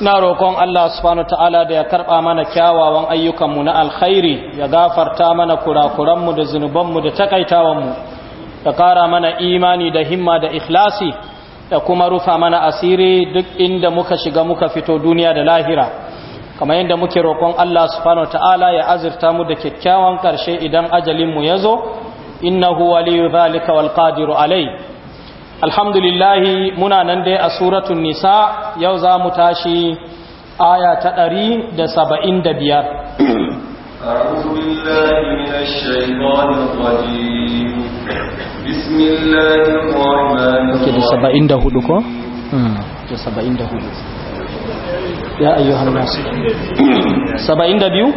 Ina roƙon Allah subhanahu ta'ala da ya karɓa mana kyawawan ayyukanmu na alkhairi ya gafarta mana kurakuranmu da zunubanmu da takaitawanmu da ƙara mana imani da himma da ikhlasi da kuma rufa mana asiri duk inda muka shiga muka fito duniya da lahira kamar yadda muke roƙon Allah subhanahu ta'ala ya azurta mu da kyakkyawan ƙarshe idan ajalinmu ya zo innahu waliyu zalika wal qadiru alai alhamdulillahi muna nan dai a suratun nisa yau za mu tashi aya ta ɗari da saba'in da biyar ke da saba'in da hudu ko? Hmm, da saba'in da hudu ya ayyuhan nasu saba'in da biyu?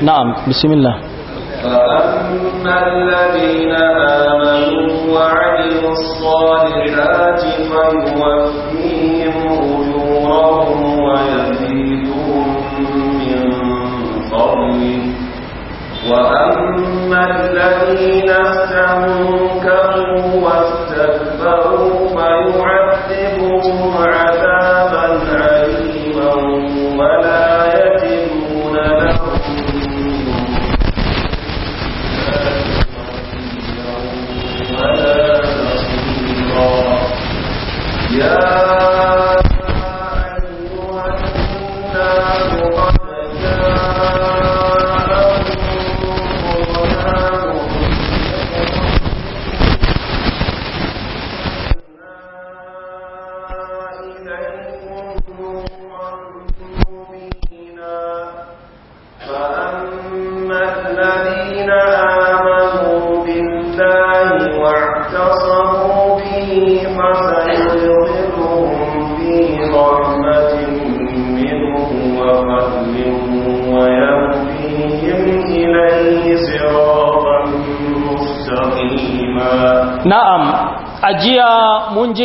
na'am bismillah فأما الذين آمنوا وعملوا الصالحات فيوفيهم أجورهم ويزيدهم من فضله وأما الذين استنكروا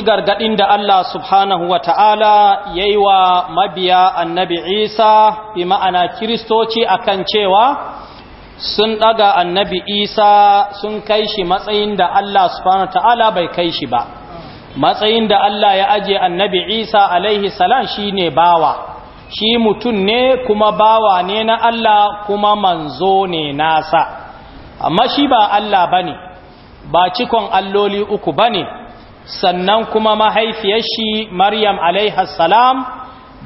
gargaɗin da Allah subhanahu wa ta'ala ya yi wa mabiya annabi Isa bi ma'ana kiristoci akan cewa sun ɗaga annabi Isa sun kai shi matsayin da Allah subhanahu wa ta'ala bai kai shi ba. Matsayin da Allah ya aje annabi Isa alaihi salam shi ne bawa, shi mutum ne kuma bawa ne na Allah kuma manzo ne nasa, amma shi ba Allah ba ne, ba cikon alloli uku ba ne. sannan kuma mahaifiyar shi maryam salam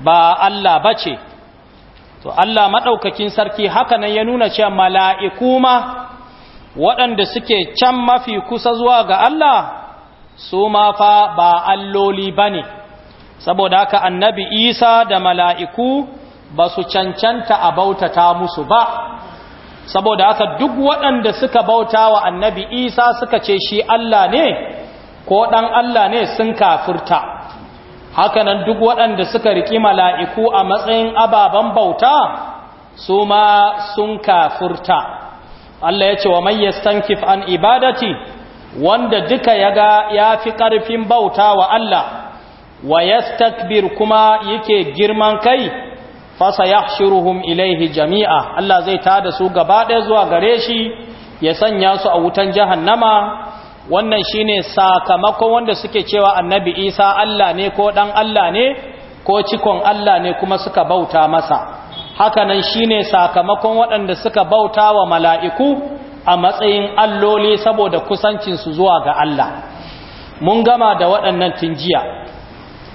ba Allah ba ce to Allah maɗaukakin sarki haka nan ya nuna cewa mala'iku ma waɗanda suke can mafi kusa zuwa ga Allah su ma fa ba alloli ba ne saboda haka annabi isa da mala'iku ba su cancanta a bautata musu ba saboda haka duk waɗanda suka bauta wa annabi isa suka ce shi Allah ne ko ɗan Allah ne sun kafirta hakanan duk waɗanda suka riƙi mala'iku a matsayin ababen bauta su ma sun kafurta. Allah ya ce wa mai yastankif an ibadati wanda duka ya ga ya fi ƙarfin bauta wa Allah wa yastakbir kuma yake girman kai fasa yahshuruhum ilaihi jami'a Allah zai tada su gaba ɗaya zuwa gare shi ya sanya su a wutan jahannama wannan shine sakamakon wanda suke cewa annabi isa Allah ne ko ɗan Allah ne ko cikon Allah ne kuma suka bauta masa hakanan shine sakamakon waɗanda suka bauta wa mala'iku a matsayin alloli saboda kusancinsu zuwa ga Allah mun gama da waɗannan tinjiya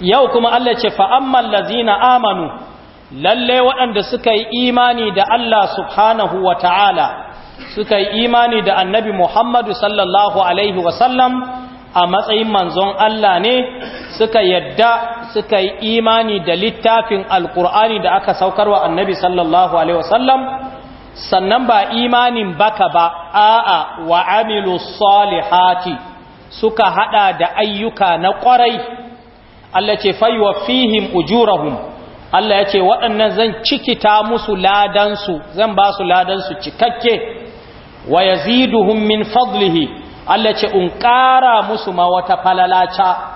yau kuma Allah ce fa'amman lazina amanu lallai waɗanda suka yi imani da Allah subhanahu wa ta'ala suka yi imani da annabi Muhammadu sallallahu Alaihi wasallam a matsayin manzon Allah ne suka yadda suka yi imani da littafin alkur'ani da aka wa annabi sallallahu Alaihi wasallam sannan ba imanin baka ba a'a wa amilu salihati suka hada da ayyuka na kwarai Allah ce faiwa fihim ujurahum Allah ya ce waɗannan zan cikita musu ladansu zan ba su ladansu cikakke wa yaziduhum min fadlihi Allah ce in ƙara musu ma wata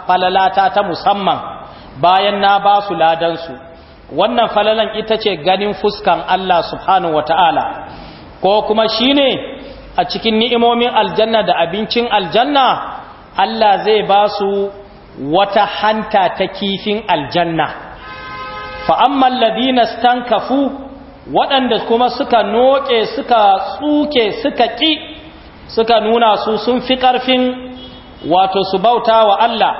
falalata ta musamman bayan na ba su ladansu wannan falalan ita ce ganin fuskan Allah subhanahu wata'ala ko kuma shine a cikin ni'imomin aljanna da abincin aljanna Allah zai ba su wata hanta ta kifin aljanna fa amma alladhina stankafu waɗanda kuma suka noke suka tsuke suka ƙi suka nuna su sun fi ƙarfin wato su bauta wa Allah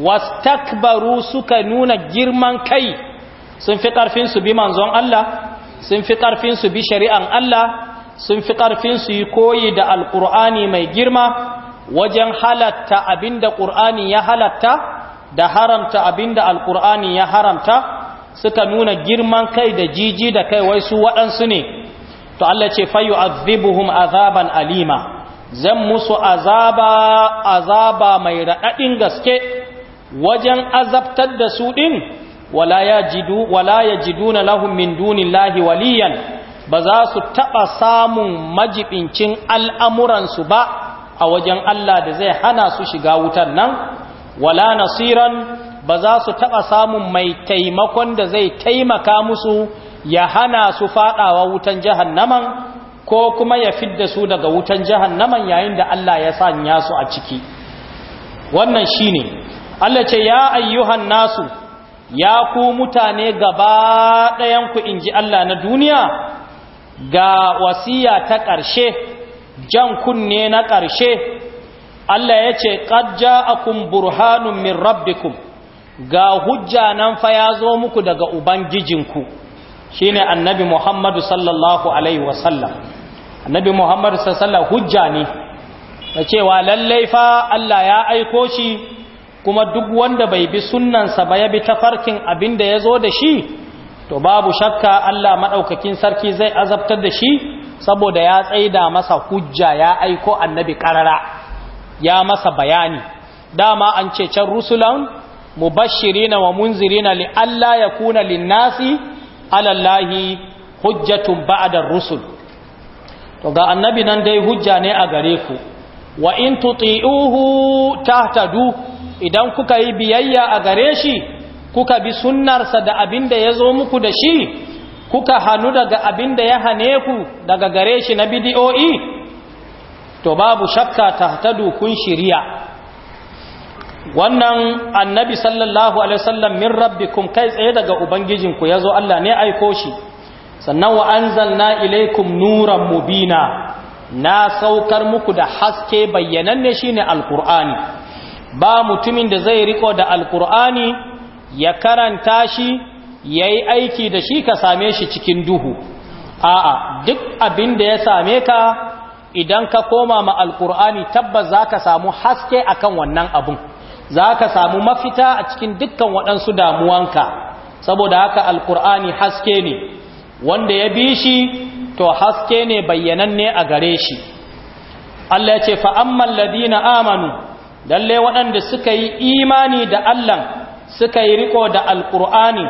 wastakbaru suka nuna girman kai sun fi ƙarfin su bi manzon Allah sun fi ƙarfin su bi shari'an Allah sun fi ƙarfin su yi koyi da alƙur'ani mai girma wajen halatta abinda ƙur'ani ya halatta da haramta abinda alƙur'ani ya haramta suka nuna girman kai da jiji da kai wai su waɗansu ne to Allah ce fayu azibuhum azaban alima zan musu azaba azaba mai raɗaɗin gaske wajen azabtar da su ɗin wala ya jiduna lahum min dunillahi waliyan ba za su taɓa samun majibincin al'amuransu ba a wajen Allah da zai hana su shiga wutan nan wala nasiran ba za su taɓa samun mai taimakon da zai taimaka musu ya hana su faɗawa wutan jahannaman ko kuma ya fidda su daga wutan jahannaman yayin da Allah ya sanya su a ciki wannan shine Allah ce ya ayyuhan nasu ya ku mutane gaba ɗayan ku ji Allah na duniya ga wasiya ta ƙarshe jan kunne na ƙarshe Allah ya ce ƙajja ja'akum burhanun min rabbikum ga hujja nan fa ya zo muku daga ubangijinku shine annabi Muhammadu sallallahu alaihi wasallam annabi Muhammadu sallallahu hujja ne da cewa lallai fa Allah ya aiko shi kuma duk wanda bai bi sunansa ba ya bi tafarkin abin da ya zo da shi to babu shakka Allah maɗaukakin sarki zai azabtar da shi saboda ya tsaida masa hujja ya aiko annabi ƙarara ya masa bayani dama an ce can rusulan mubashirina wa munzirina li alla yakuna linnasi ala Allahi hujjatun ba'da rusul to ga annabi nan dai hujja ne a gare ku wa in tuti'uhu tahtadu idan kuka yi biyayya a gare shi kuka bi sunnarsa da abinda da ya zo muku da shi kuka hanu daga abinda ya hane ku daga gare shi na bidi'o'i? to babu shakka tahtadu kun shiriya. wannan annabi sallallahu alaihi wasallam min rabbikum kai tsaye daga ubangijinku yazo Allah ne aiko shi sannan wa anzalna ilaikum nuran mubina na saukar muku da haske bayyananne shine alqur'ani ba mutumin da zai riko da alqur'ani ya karanta shi yayi aiki da shi ka same shi cikin duhu a'a duk abin da ya same ka idan ka koma ma alqur'ani tabbas zaka samu haske akan wannan abun za ka samu mafita a cikin dukkan waɗansu damuwanka saboda haka alkur'ani haske ne wanda ya bi shi to haske ne bayyananne a gare shi Allah ya ce fa'amman ladina amanu lalle waɗanda suka yi imani da Allah suka yi riko da alkur'ani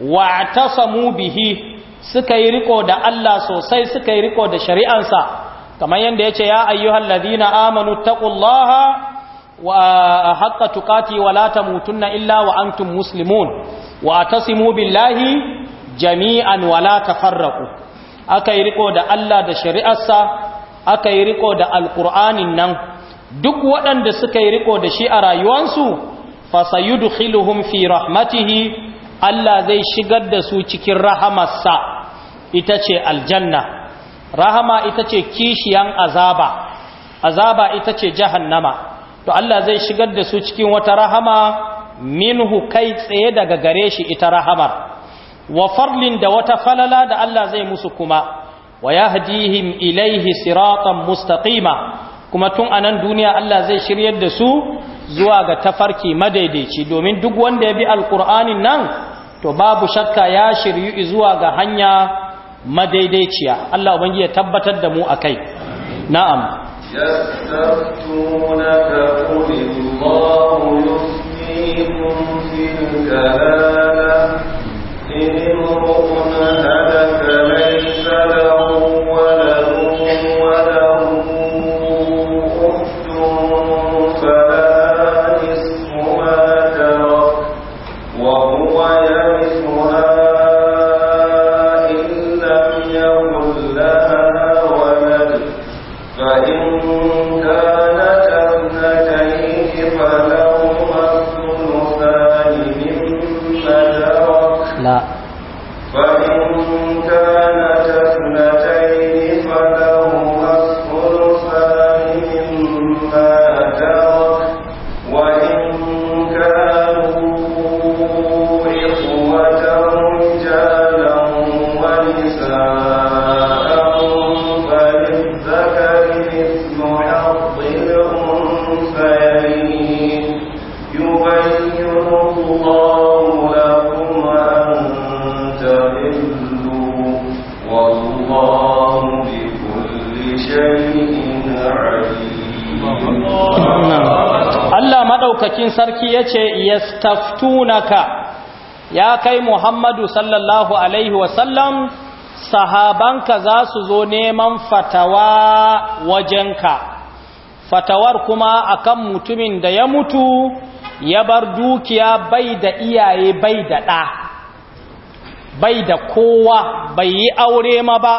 wa tasamu bihi suka yi riko da Allah sosai suka yi riko da shari'ansa kamar yadda ya ce ya ayyuhan ladina amanu taƙullaha wa tuƙati eh, tuqati wa la tamutunna illa wa musulmun muslimun wa atasimu jami'an wa la tafarraqu aka yi riko da Allah da shari'arsa aka yi riko da alqur'anin nan duk waɗanda suka yi riko da shi a rayuwansu fasayudkhiluhum fi rahmatihi Allah zai shigar da su cikin rahamarsa ita ce aljanna rahama ita ce kishiyan azaba azaba ita ce jahannama to Allah zai shigar da su cikin wata rahama minhu kai tsaye daga gare shi ita rahamar wa farlin da wata falala da Allah zai musu kuma wa yahdihim ilaihi siratan mustaqima kuma tun anan duniya Allah zai shiryar da su zuwa ga tafarki madaidaici domin duk wanda ya bi alqur'anin nan to babu shakka ya shiryu zuwa ga hanya madaidaiciya Allah ubangiji ya tabbatar da mu akai na'am يستفتونك قل الله يفتيكم في الكلالة إن امرؤ هلك ليس له ولد yastaftunaka ya kai Muhammadu sallallahu alaihi wasallam sahabanka za su zo neman fatawa wajenka fatawar kuma akan mutumin da ya mutu ya bar dukiya bai da iyaye bai da ɗa bai da kowa bai yi aure ma ba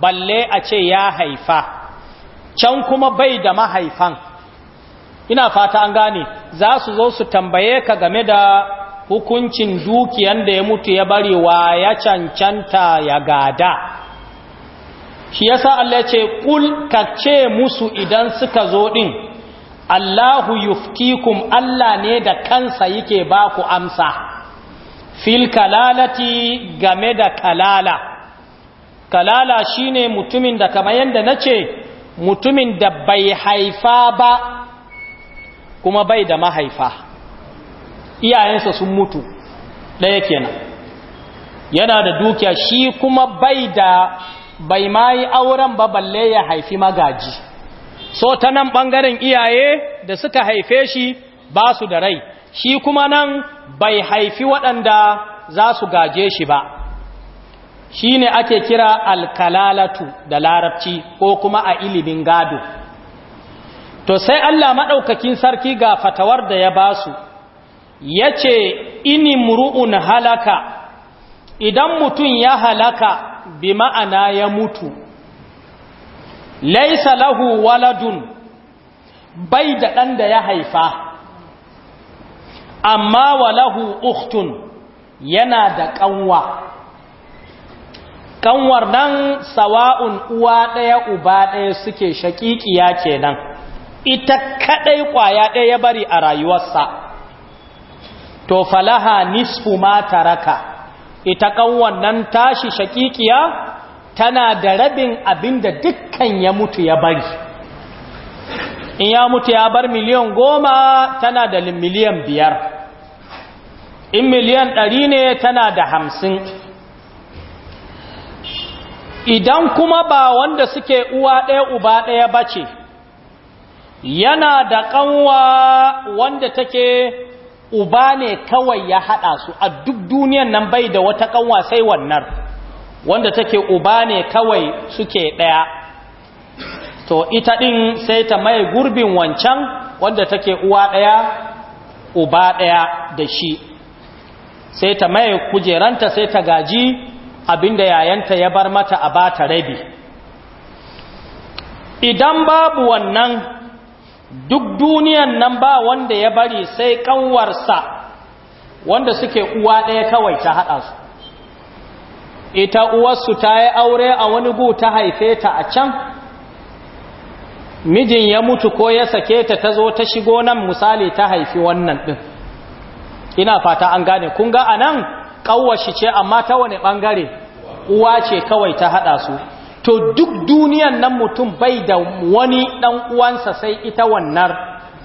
balle a ce ya haifa can kuma bai da mahaifan ina fata an gane za su zo su tambaye ka game da hukuncin dukiyan da ya mutu ya bari wa ya cancanta ya gada shi yasa Allah ce kul ka ce musu idan suka zo din Allahu yuftikum Allah ne da kansa yake ba ku amsa fil kalalati game da kalala kalala shine mutumin da kamar yanda nace mutumin da bai haifa ba kuma bai da mahaifa iyayensa sun mutu ɗaya kenan yana da dukiya shi kuma bai da bai ma yi auren ba balle ya haifi magaji so ta nan ɓangaren iyaye da suka haife shi ba su da rai shi kuma nan bai haifi waɗanda za su gaje shi ba shi ne ake kira alkalalatu da larabci ko kuma a ilimin gado to sai Allah maɗaukakin sarki ga fatawar da ya basu ya ce ini muru'un halaka idan mutum ya halaka bi ma'ana ya mutu laisa lahu waladun bai da ɗan da ya haifa amma walahu uktun yana da ƙanwa ƙanwar nan sawa'un uwa ɗaya uba ɗaya suke shaƙiƙiya kenan ita kadai kwaya ɗaya ya bari a rayuwarsa to falaha nisfu ma taraka ita kanwan nan tashi shakikiya tana da rabin abinda dukkan ya mutu ya bari in ya mutu ya bar miliyan goma tana da miliyan biyar in miliyan ɗari ne tana da hamsin idan kuma ba wanda suke uwa ɗaya uba ɗaya ba ce yana da ƙanwa wanda take uba ne kawai ya haɗa su a duk duniyan nan bai da wata ƙanwa sai wannan wanda take uba ne kawai suke ɗaya to ita ɗin sai ta mai gurbin wancan wanda take uwa ɗaya uba ɗaya da shi sai ta mai kujeranta sai ta gaji abinda yayanta ya bar mata a ba ta rabi idan babu wannan duk duniyan nan ba wanda ya bari sai ƙanwarsa wanda suke uwa ɗaya kawai ta haɗa su ita uwarsu ta yi aure a wani gu ta haife ta a can mijin ya mutu ko ya sake ta ta zo ta shigo nan misali ta haifi wannan ɗin ina fata an gane kun ga a nan ƙawashi ce amma ta wani ɓangare uwa ce kawai ta haɗa su to duk duniyan nan mutum bai da wani ɗan uwansa sai ita wannan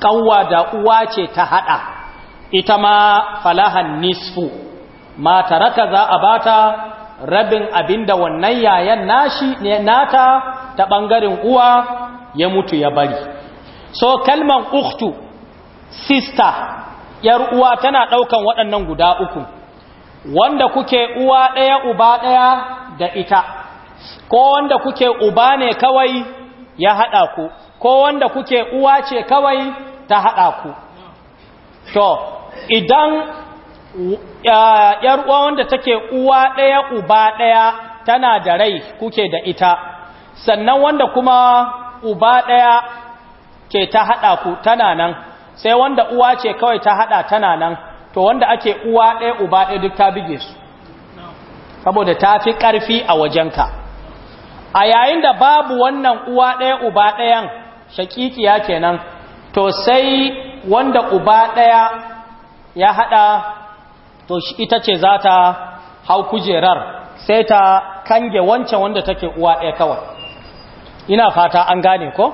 kawwa da uwa ce ta haɗa ita ma falahan nisfu mataraka za a bata rabin abinda wannan yayan nashi nata ta ɓangaren uwa ya mutu ya bari so kalman uktu sister yar uwa tana ɗaukan waɗannan guda uku wanda kuke uwa ɗaya uba ɗaya da ita ko wanda kuke uba ne kawai ya haɗa ku ko wanda kuke uwa ce kawai ta haɗa ku to idan ‘yar uwa wanda take uwa ɗaya uba ɗaya tana da rai kuke da ita sannan wanda kuma uba ɗaya ke ta haɗa ku tana nan sai wanda uwa ce kawai ta haɗa tana nan to wanda ake uwa ɗaya uba ɗaya duk ta bige su saboda ta fi ƙarfi a wajenka a yayin da babu wannan uwa ɗaya uba ɗayan shakikiya kenan to sai wanda uba ɗaya ya haɗa to ita ce za ta hau kujerar sai ta kange wancan wanda take uwa ɗaya kawai ina fata an gane ko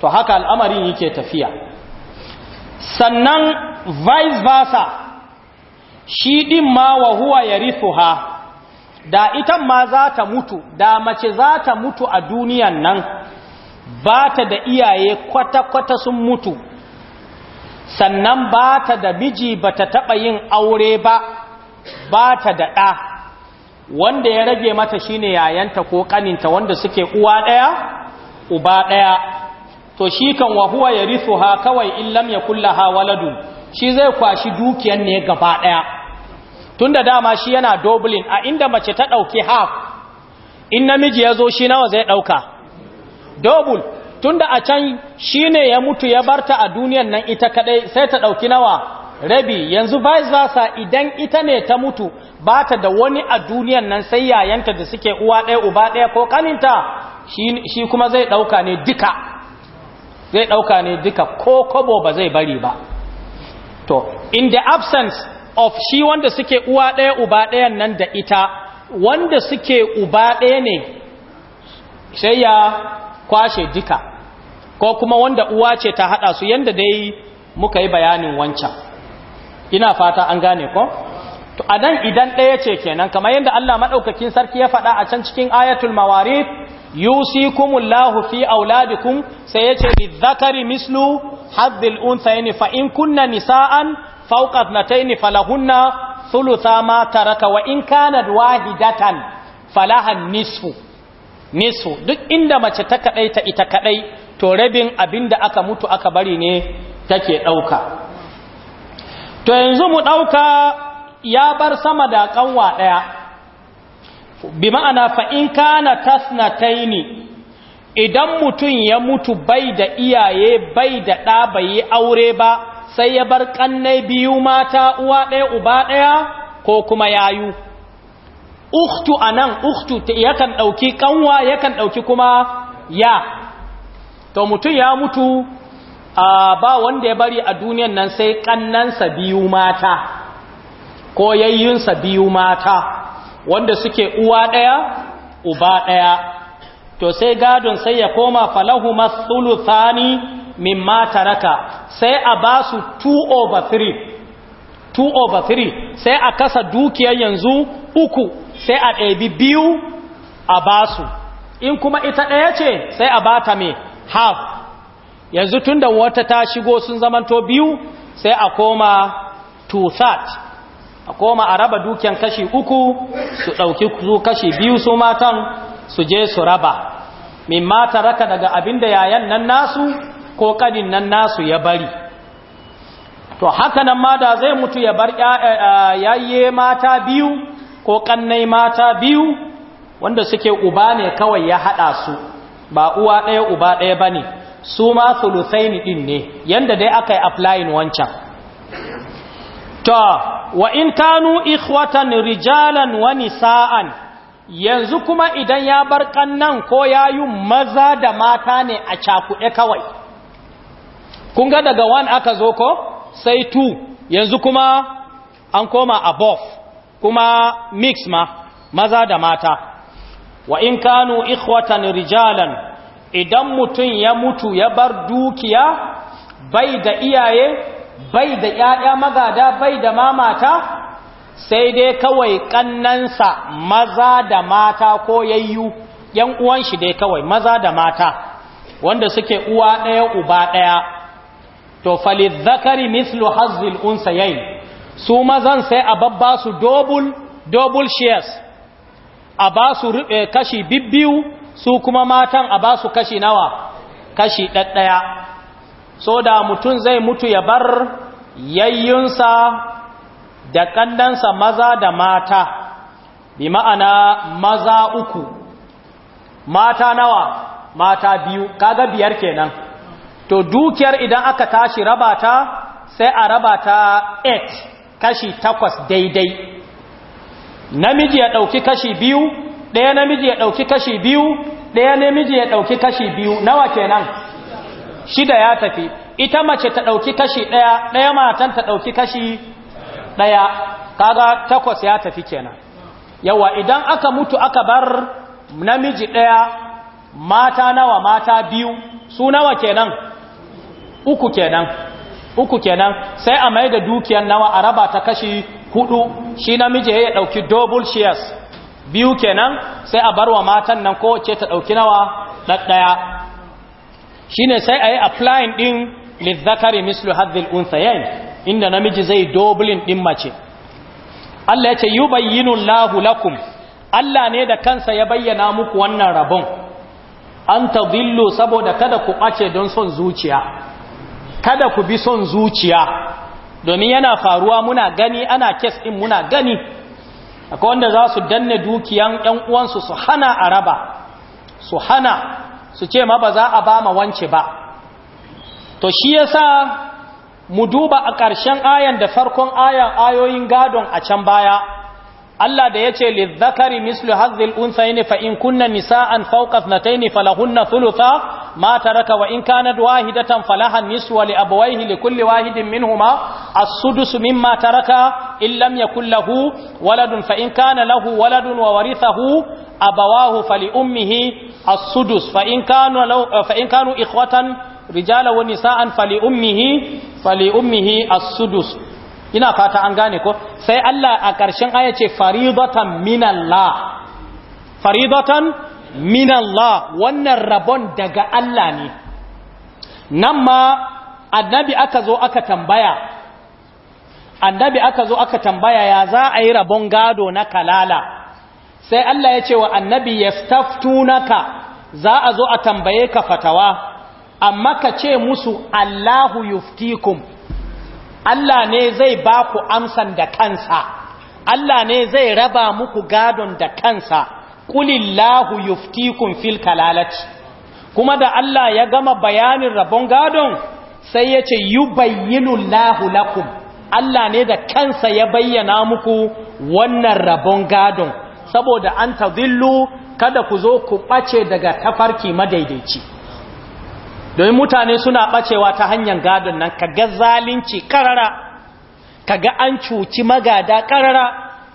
to haka al'amarin yake tafiya sannan vice versa shi ɗin ma wa huwa ya ha da ita ma za ta mutu da mace za ta mutu a duniyan nan ba ta da iyaye kwata-kwata sun mutu sannan ba ta da miji ba ta taɓa yin aure ba ba ta da ɗa wanda ya rage mata shine yayanta ko ƙaninta wanda suke uwa ɗaya uba ɗaya to shi kan wahuwa ya rithu ha kawai illam ya kulla ha waladu shi zai kwashi dukiyan ne gaba ɗaya tunda dama shi yana doblin a inda mace ta dauki half in namiji ya zo shi nawa zai dauka double tunda a can shine ya mutu ya barta a duniyan nan ita kadai sai ta dauki nawa rabi yanzu vice versa idan ita ne ta mutu ba ta da wani a duniyan nan sai yayanta da suke uwa ɗaya uba ɗaya ko kaninta shi kuma zai ɗauka ne duka zai ɗauka ne duka ko kobo ba zai bari ba to in the absence of shi wanda suke uwa ɗaya uba ɗayan nan da ita wanda suke uba ɗaya ne sai ya kwashe duka ko kuma wanda uwa ce ta haɗa su yanda dai muka yi bayanin wancan ina fata an gane ko to a nan idan ɗaya ce kenan kamar yadda Allah maɗaukakin sarki ya faɗa a can cikin ayatul mawarif yusikumullahu fi auladikum sai yace Zakari mislu haddil unthayn fa in kunna nisaan fauka ithnatayn falahunna thulutha ma taraka wa in kanat wahidatan falahan nisfu nisfu duk inda mace ta kadai ta ita kadai to rabin abinda aka mutu aka bari ne take dauka to yanzu mu dauka ya bar sama da kanwa daya bi ma'ana fa in kana tasnataini idan mutum ya mutu bai da iyaye bai da ɗa bai aure ba sai ya bar ƙannai biyu mata uwa ɗaya uba ɗaya ko kuma yayu uktu a nan uktu yakan ɗauki ƙanwa yakan ɗauki kuma ya to mutum ya mutu a ba wanda ya bari a duniyan nan sai ƙannansa biyu mata ko yayyunsa biyu mata wanda suke uwa ɗaya uba ɗaya to sai gadon sai ya koma falahu masu Min mata raka sai a ba su 2 over 3 2 over 3 sai a kasa dukiyar yanzu uku sai a ɗabi biyu a ba su in kuma ita ɗaya ce sai a ba ta mai half yanzu tun da wata ta shigo sun zamanto biyu sai a koma 2 third a koma a raba dukiyan kashi uku su ɗauki su kashi biyu su matan su je su raba min mata raka daga abinda yayan nan nasu ko kanin nan nasu ya bari to haka nan ma da zai mutu ya bar eh, eh, yayye mata biyu ko kannai mata biyu wanda suke uba ne kawai ya hada su ba uwa ɗaya uba ɗaya bane ne su ma sulusaini ɗin ne yanda dai aka yi aflayin wancan To wa in kanu ikhwatan rijalan wani sa'an yanzu kuma idan ya bar kannan ko yi maza da mata ne a cakuɗe kawai kun ga daga 1 aka zo ko sai 2 yanzu kuma an koma above kuma mix ma maza da mata wa in kanu ikhwatan rijalan idan mutum ya mutu ya bar dukiya bai da iyaye bai da 'ya'ya magada bai da mamata sai dai kawai ƙannansa maza da mata ko yayyu ‘yan uwan shi dai kawai maza da mata wanda suke uwa ɗaya uba ɗaya to zakari mislu hazil unsayayin su mazan sai a babba su double shares a ba su eh, kashi bibbiyu su kuma matan a ba su kashi nawa kashi ɗaɗɗaya so da mutum zai mutu ya bar yayyunsa da ƙandansa maza da mata bi ma'ana maza uku mata nawa mata biyu kaga biyar kenan to dukiyar idan aka tashi rabata sai a rabata ta 8 kashi takwas daidai namiji ya ɗauki kashi biyu ɗaya namiji ya dauki kashi biyu ɗaya namiji ya ɗauki kashi biyu nawa kenan shida ya tafi ita mace ta ɗauki kashi ɗaya ɗaya matan ta ɗauki kashi ɗaya kaga takwas ya tafi kenan yawa idan aka mutu aka bar namiji ɗaya mata nawa mata biyu su nawa kenan uku kenan uku kenan sai a mai da dukiyar nawa a raba ta kashi hudu shi namiji ya dauki double shares biyu kenan sai a barwa matan nan kowace ta dauki nawa daddaya shine sai a yi applying din Zakari, mislu hadhil unthayain inda namiji zai doublein din mace Allah ya ce yubayyinu Allahu lakum Allah ne da kansa ya bayyana muku wannan rabon an tadillu saboda kada ku ɓace don son zuciya kada ku bi son zuciya domin yana faruwa muna gani ana kes din muna gani akwai wanda za su danne dukiyan ɗan uwansu su hana a raba su hana su ce ma ba za a ba ma wance ba to shi yasa mu duba a ƙarshen ayan da farkon ayan ayoyin gadon a can baya Allah da yace lizzakari mislu hazzil unthayn fa in kunna nisaan fawqa ithnatayn falahunna thulutha ma taraka wa in kanat wahidatan falaha nisfu wa li abawayhi li kulli wahidin minhuma as-sudus mimma taraka in lam yakul lahu waladun fa in kana lahu waladun wa warithahu abawahu fali ummihi as-sudus fa in kanu ikwatan fa in kanu ikhwatan rijala wa nisaan fali ummihi fali ummihi as-sudus ina fata an gane ko sai Allah a ƙarshen aya ce faridatan minallah faridatan minallah wannan rabon daga Allah ne nan ma annabi aka zo aka tambaya annabi aka zo aka tambaya ya za a yi rabon gado na kalala sai Allah ya ce wa annabi yastaftunaka za a zo a tambaye ka fatawa amma ka ce musu Allahu yuftikum Allah ne zai ba ku amsan da kansa Allah ne zai raba muku gadon da kansa ƙulillahu yuftikun fil kalalati kuma da Allah ya gama bayanin rabon gadon sai ya ce yubayyinu lahu lakum Allah ne da kansa ya bayyana muku wannan rabon gadon saboda an zillu kada ku zo ku ɓace daga tafarki madaidaici domin mutane suna ɓacewa ta hanyar gadon nan ka ga zalunci karara kaga an cuci magada karara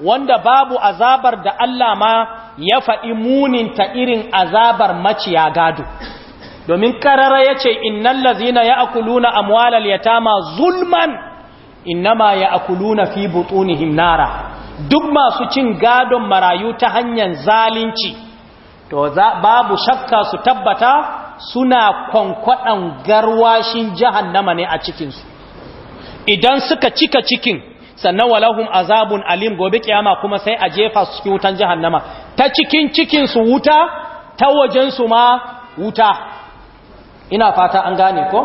wanda babu azabar da Allah ma ya faɗi muninta irin azabar maciya gado domin karara ya ce innan lazina ya akuluna amwalar yatama zulman innama ya akuluna fi butunihim nara duk masu cin gadon marayu ta hanyar zalunci to babu shakka su tabbata suna kwankwaɗan garwashin jahannama ne a cikinsu idan suka cika cikin sannan walahum azabun alim gobe kiyama kuma sai a jefa su cikin wutan jahannama ta cikin cikinsu wuta ta wajensu ma wuta ina fata an gane ko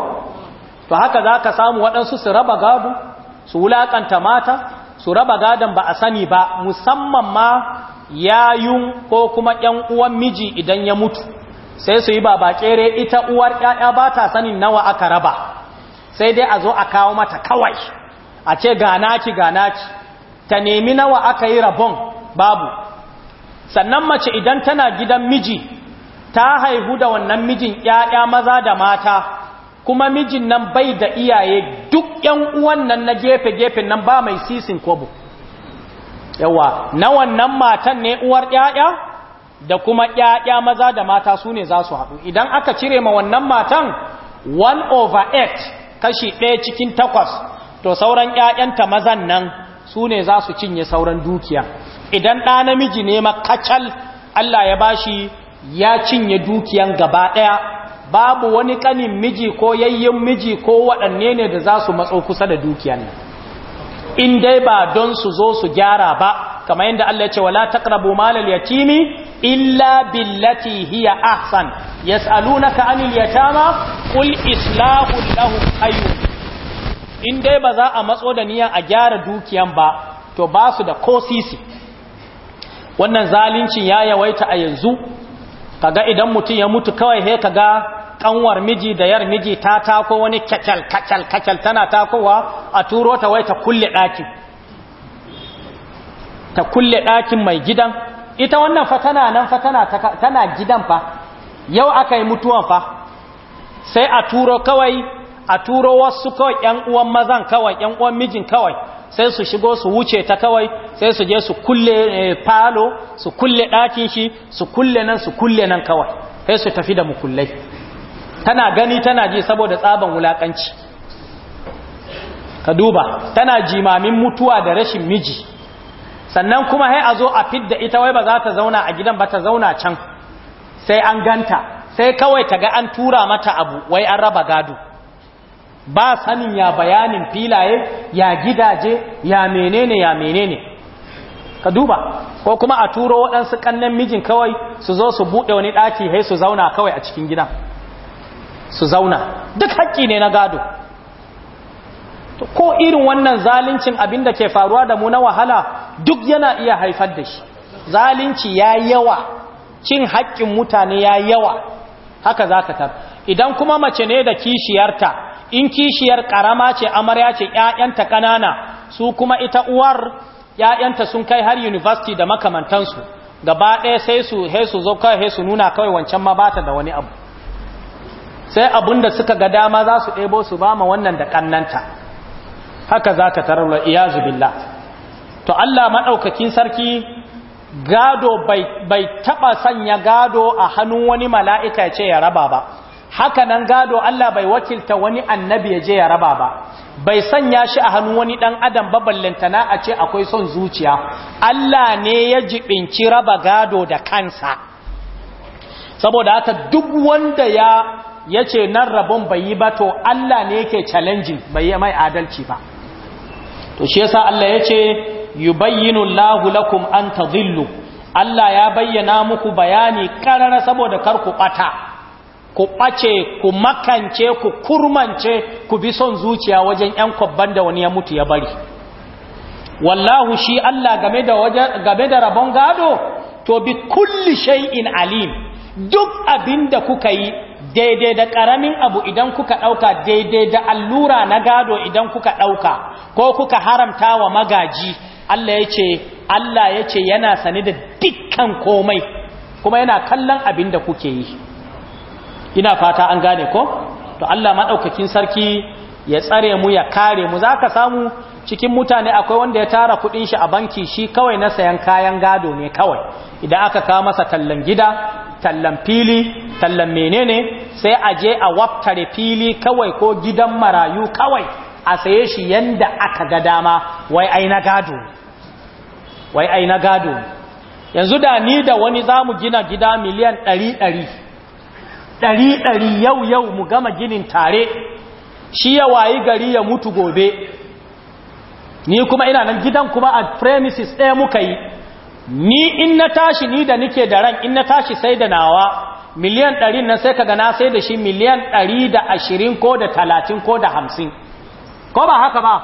to haka za ka samu waɗansu su raba gado su wulaƙanta mata su raba gadon ba a sani ba musamman ma yayun ko kuma ‘yan uwan miji idan ya mutu sai su yi baba kere ita uwar ƴaƴa ba ta sanin nawa aka raba sai dai a zo a kawo mata kawai a ce ganaki ganaki ta nemi nawa aka yi rabon babu sannan mace idan tana gidan miji ta haihu da wannan mijin ƴaƴa maza da mata kuma mijin nan bai da iyaye duk ƴan uwan nan na gefe-gefen nan ba mai sisin kobo. yawa na wannan matan ne uwar ƴaƴa da kuma ƴaƴa maza da mata su ne za su haɗu idan aka cire ma wannan matan 1 over 8 kashi ɗaya cikin takwas to sauran ƴaƴanta mazan nan su ne za su cinye sauran dukiya idan ɗa namiji ne makacal Allah ya bashi ya cinye dukiyan gaba ɗaya babu wani ƙanin miji ko yayyin miji ko waɗanne ne da za su matso kusa da dukiyan nan in dai ba don su zo su gyara ba kamar yadda Allah ya ce wala taqrabu malal yatimi illa billati hiya ahsan yasalunaka anil yatama qul islahu lahu khayrun in dai ba za a matso da niyan a gyara dukiyan ba to ba su da kosisi. wannan zaluncin ya yawaita a yanzu kaga idan mutum ya mutu kawai he kaga kanwar miji da yar miji ta tako wani kakel-kakel-kakel tana takowa a turo ta wai ta kulle ɗakin ta kulle ɗakin mai gidan ita wannan fa tana nan fa tana gidan fa yau aka yi mutuwan fa sai a turo kawai a turo wasu kawai ƴan uwan mazan kawai ƴan uwan mijin kawai sai su shigo su wuce ta kawai sai su je su kulle eh, falo su kulle ɗakin shi su kulle nan su kulle nan kawai sai su tafi da mukullai tana gani tana ji saboda tsaban wulakanci ka duba tana jimamin mutuwa da rashin miji sannan kuma hai a zo a fidda ita wai ba za ta zauna a gidan ba ta zauna can sai an ganta sai kawai ta ga an tura mata abu wai an raba gado ba sanin ya bayanin filaye ya gidaje ya menene ya menene ka duba ko kuma a turo waɗansu ƙannen mijin kawai su zo su buɗe wani ɗaki hai su zauna kawai a cikin gidan su zauna duk haƙƙi ne na gado ko irin wannan zalincin abin da ke faruwa da mu na wahala duk yana iya haifar da shi Zalinci ya yawa cin haƙƙin mutane ya yawa haka za ka idan kuma mace ne da kishiyarta in kishiyar ƙarama ce amarya ce ‘ya'yanta ƙanana su kuma ita uwar ‘ya'yanta sun kai har university da makamantansu gaba ɗaya sai su su zo kai hesu nuna kawai wancan ma bata da wani abu sai abun da suka ga dama za su ɗebo su ba ma wannan da ƙannanta haka za ka tarar iyazu billah to Allah maɗaukakin sarki gado bai taɓa sanya gado a hannun wani mala'ika ce ya raba ba haka nan gado Allah bai wakilta wani annabi ya je ya raba ba bai sanya shi a hannun wani ɗan adam baballantana a ce akwai son zuciya Allah ne ya jibinci raba gado da kansa saboda haka duk wanda ya ya ce nan rabon bai yi ba to Allah ne yake challenging bai yi mai adalci ba to shi yasa Allah ya ce yubayyinu lahu lakum an tadhillu Allah ya bayyana muku bayani karara saboda kar ku bata ku bace ku makance ku kurmance ku bi son zuciya wajen yan kwabban da wani ya mutu ya bari wallahu shi Allah game da game da rabon gado to bi kulli shay'in alim duk abinda kuka yi daidai da ƙaramin abu idan kuka ɗauka daidai da allura na gado idan kuka ɗauka ko kuka haramta wa magaji Allah ya ce Allah ya ce yana sani da dukkan komai kuma yana kallon abin da kuke yi ina fata an gane ko to Allah maɗaukakin sarki ya tsare mu ya kare mu za ka samu cikin mutane akwai wanda ya tara kudin shi a banki shi kawai na sayan kayan gado ne kawai idan aka kawo masa tallan gida tallan fili tallan menene sai a je a waftare fili kawai ko gidan marayu kawai a saye shi yanda aka ga dama wai ai na gado wai ai na gado yanzu da ni da wani zamu gina gida miliyan 100 100 yau yau mu gama ginin tare shi ya wayi gari ya mutu gobe ni kuma ina nan gidan kuma a premises ɗaya muka yi ni in na tashi ni da nike da ran in na tashi sai da nawa miliyan ɗari nan sai kaga na sai da shi miliyan ɗari da ashirin ko da talatin ko da hamsin ko ba haka ba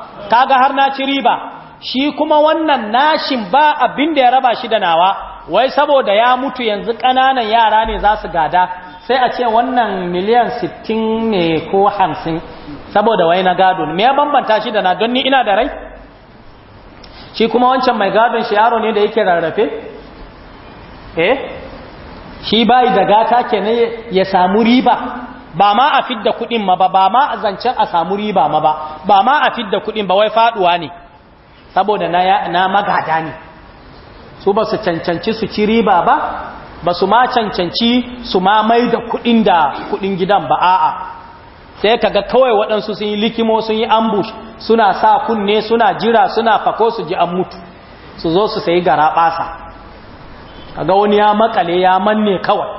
ga har na ci riba shi kuma wannan nashin ba abin da ya raba shi da nawa wai saboda ya mutu yanzu ƙananan yara ne za su gada sai a ce wannan miliyan sittin ne ko 50 saboda wai na gado me ya bambanta shi da na don ni ina da rai shi kuma wancan mai gadon shi yaro ne da yake rarrafe eh shi bai da gata kenan ya samu riba ba ma a fidda kudin ma ba ba ma a zancen a samu riba ma ba ba ma a fidda kudin ba wai faduwa ne saboda na, na magada ne su ba su cancanci su ci riba ba ba su ma cancanci su ma mai da kudin da kudin gidan ba a'a sai ka ga kawai waɗansu sun yi likimo sun yi ambush suna sa kunne suna jira suna fako su ji an mutu su zo su sayi gara ɓasa ga wani ya makale ya manne kawai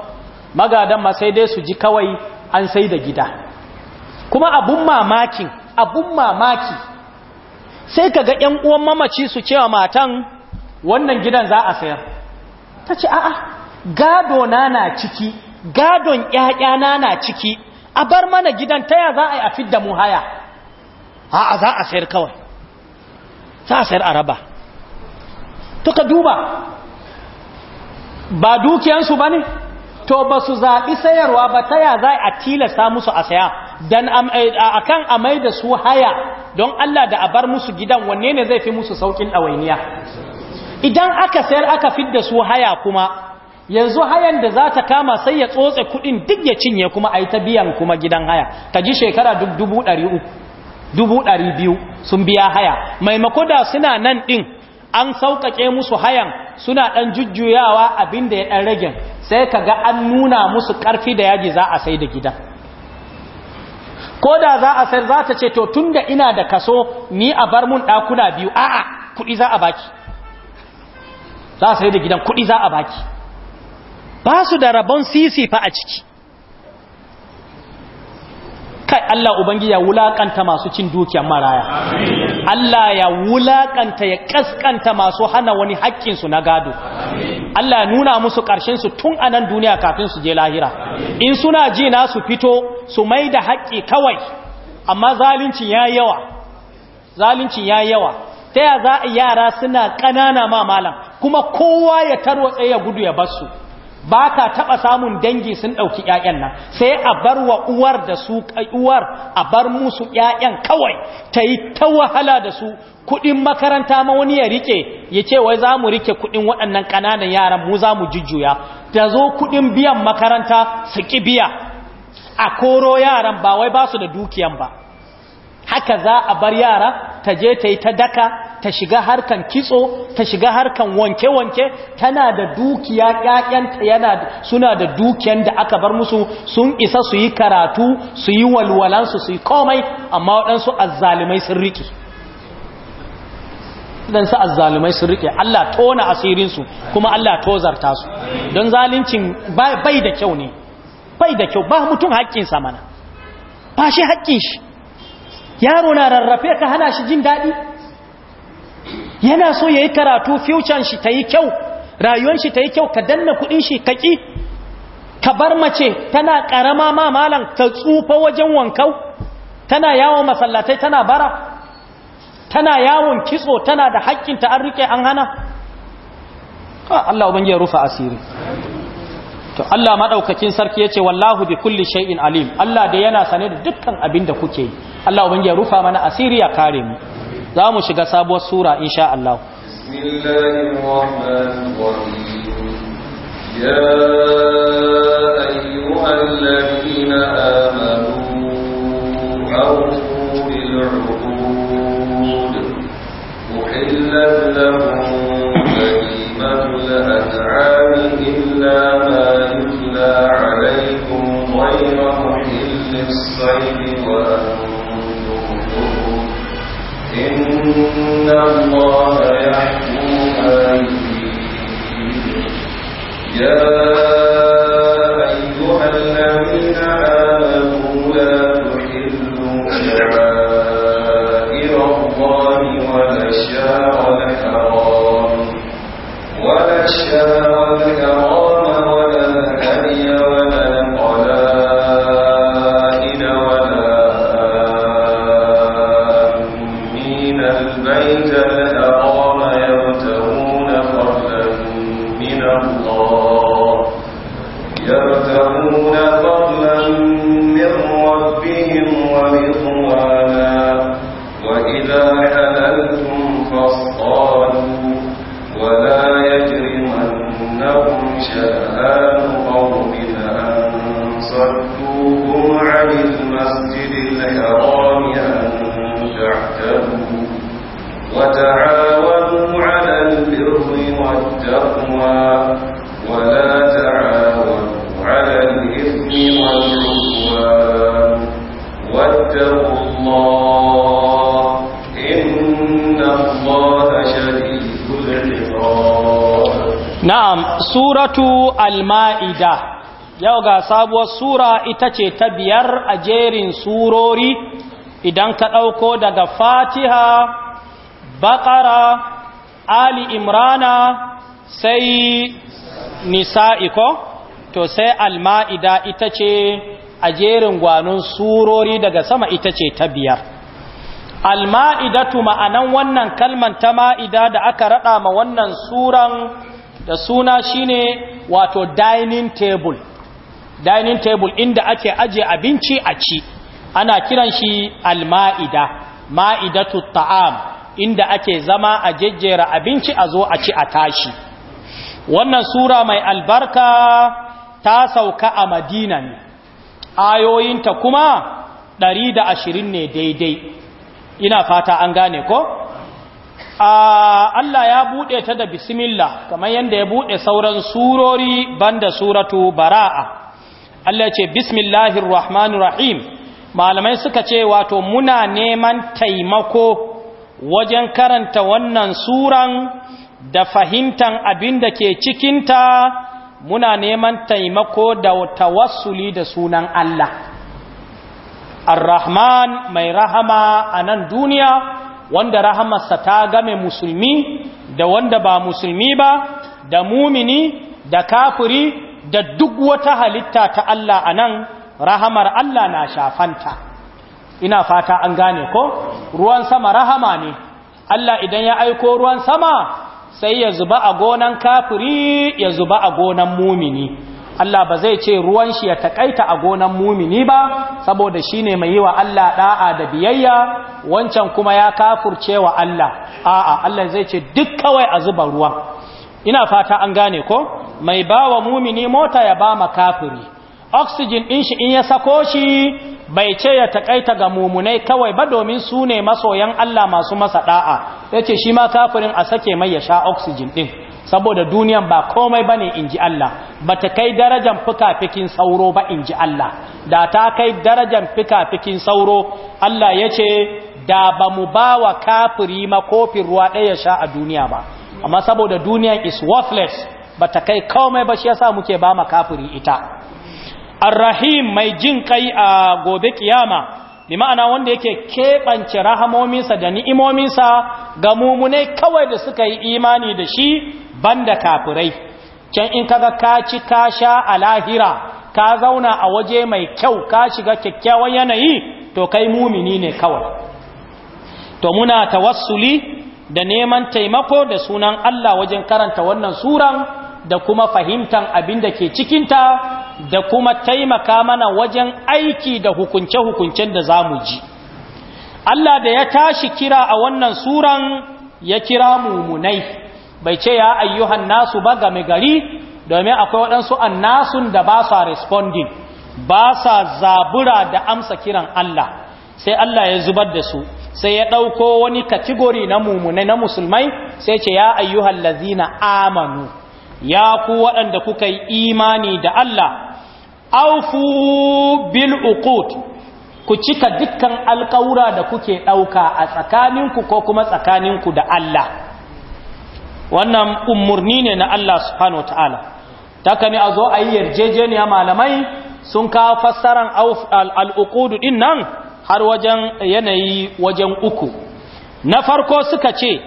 magadan ma sai dai su ji kawai an sai da gida kuma abun mamakin abun mamaki sai ka ga ƴan uwan mamaci su cewa matan wannan gidan za a sayar ta ce a'a gado na na ciki gadon na na ciki a bar mana gidan taya za a yi a fidda mu haya a za a sayar kawai za a sayar araba ka duba ba dukiyansu ba ne to ba su zaɓi sayarwa ba taya za a tilasta musu a saya don eh, a kan amai da su haya don Allah da a bar musu gidan wanne ne zai fi musu sauƙin ɗawainiya idan aka sayar aka fidda su haya kuma yanzu hayan da za ta kama sai ya tsotse kudin duk ya cinye kuma a yi ta biyan kuma gidan haya ka ji shekara duk dubu ɗari uku dubu ɗari biyu sun biya haya maimako da suna nan ɗin an sauƙaƙe musu hayan suna ɗan jujjuyawa abin da ya ɗan rage sai ka ga an nuna musu ƙarfi da yaji za a sai da gidan ko da za a sai za ta ce to tun da ina da kaso ni a bar mun ɗakuna biyu a'a kuɗi za a baki za a sai da gidan kuɗi za a baki ba su da rabon sisi fa a ciki kai Allah Ubangiji ya wulakanta masu cin dukiyar maraya Allah ya wulakanta ya kaskanta masu hana wani haƙƙinsu na gado Allah ya nuna musu su tun a nan duniya kafin su je lahira in suna ji na su fito su mai da haƙƙi kawai amma zalincin ya yawa zalincin ya yawa ta ya za yara suna ƙanana ma malam kuma kowa ya tarwatsa ya gudu ya basu ba ka taɓa samun dangi sun ɗauki ‘ya'yan nan sai a bar wa uwar da su uwar a bar musu ‘ya'yan kawai ta yi ta wahala da su kuɗin makaranta ma wani ya rike ya ce wai za mu rike kuɗin waɗannan ƙananan yaran mu za mu jujjuya da zo kuɗin biyan makaranta su ƙi biya a koro yaran ba wai ba su da dukiyan ba haka za a bar yara ta je ta yi ta daka ta shiga harkan kitso ta shiga harkan wanke-wanke tana da dukiya 'ya'yanta yana suna da dukiyan da aka bar musu sun isa su yi karatu su yi walwalansu su yi komai amma waɗansu azzalumai sun riƙe waɗansu azzalumai sun riƙe Allah tona asirinsu kuma Allah tozarta su don zalincin bai da kyau ne bai da kyau ba mutum haƙƙinsa mana ba shi haƙƙin shi yaro na rarrafe ka hana shi jin daɗi yana so ya yi karatu future shi ta yi kyau rayuwar shi ta yi kyau ka danna kudin shi ka ka bar mace tana ƙarama ma malam ta tsufa wajen wankau tana yawon masallatai tana bara tana yawon kitso tana da haƙƙinta an rike an hana Allah ubangiji ya rufa asiri to Allah maɗaukakin sarki ce wallahu bi kulli shay'in alim Allah da yana sane da dukkan abin da kuke yi Allah ubangiji ya rufa mana asiri ya kare mu za mu shiga sabuwar sura insha Allah يا أيها الذين آمنوا أوفوا بالعقود أحلت لهم بهيمة الأنعام إلا ما يتلى عليكم غير محل الصيد وأنتم إن الله يحكم ما يا أيها الذين آمنوا لا تحلوا شعائر ma'ida yau ga sabuwar sura ita ce ta biyar a jerin surori idan ka ɗauko daga fatiha baƙara ali imrana sai nisa'iko to sai alma'ida ita ce a jerin gwanon surori daga sama ita ce ta biyar alma'idatu ma'anan wannan kalman ta ma'ida da aka raɗa ma wannan suran da suna shine wato dining table dining table inda ake aje abinci a ci ana kiran shi alma'ida ma'idatu ta'am inda ake zama a jejjera abinci a zo a ci a tashi wannan sura mai albarka ta sauka a madina ne ayoyinta kuma 120 ne daidai ina fata an gane ko Allah ya buɗe ta da bismillah kamar yadda ya buɗe sauran surori banda suratu bara'a Allah ce bismillahir rahmanir rahim malamai suka ce wato muna neman taimako wajen karanta wannan suran da fahimtan abin da ke cikinta muna neman taimako da tawassuli da sunan Allah ar-rahman mai rahama a nan duniya wanda rahamarsa ta game musulmi da wanda ba musulmi ba da mumini da kafiri da duk wata halitta ta Allah a nan rahamar Allah na shafanta ina fata an gane ko ruwan sama rahama ne Allah idan ya aiko ruwan sama sai ya zuba a gonan kafiri ya zuba a gonan mumini Allah ba zai ce ruwan shi ya takaita a gonan mumini ba saboda shi ne mai yi wa Allah ɗa'a da biyayya wancan kuma ya kafurce wa Allah a'a Allah zai ce duk kawai a zuba ruwa ina fata an gane ko mai bawa mumini mota ya ba makafiri oxygen din shi in ya sako shi bai ce ya takaita ga mumunai kawai ba domin su ne masoyan Allah masu masa da'a yace shi ma kafirin a sake mai ya sha oxygen din saboda duniyan ba komai bane ji Allah ba ta kai darajar fikafikin sauro ba in ji Allah da ta kai darajar fikafikin sauro Allah ya ce da ba mu bawa kafiri makofin ruwa ɗaya sha a duniya ba amma saboda duniyan is worthless ba ta kai komai ba shi yasa muke ba ma kafiri ita Ar-Rahim mai jin kai a gobe kiyama bi ma'ana wanda yake keɓance rahamominsa da ni'imominsa ga mumune kawai da suka yi imani da shi banda kafirai can in kaga ka ci ka sha a lahira ka zauna a waje mai kyau ka shiga kyakkyawan yanayi to kai mumini ne kawai to muna tawassuli da neman taimako da sunan Allah wajen karanta wannan suran da kuma fahimtan abin da ke cikinta da kuma taimaka mana wajen aiki da hukunce-hukuncen da za mu ji Allah da ya tashi kira a wannan suran ya kira mumunai bai ce ya ayyuhan nasu ba game gari domin akwai waɗansu annasun da ba sa responding ba sa zabura da amsa kiran Allah sai Allah ya zubar da su sai ya ɗauko wani kategori na mummunai na musulmai sai ce ya ayyuhan lazina amanu ya ku waɗanda kuka yi imani da Allah aufu bil uqut ku cika dukkan alƙawura da kuke ɗauka a tsakaninku ko kuma tsakaninku da Allah wannan umurni ne na Allah subhanahu ta'ala taka ne a zo a yi yarjejeniya malamai sun kawo fassaran al'ukudu ɗin nan har wajen yanayi wajen uku na farko suka ce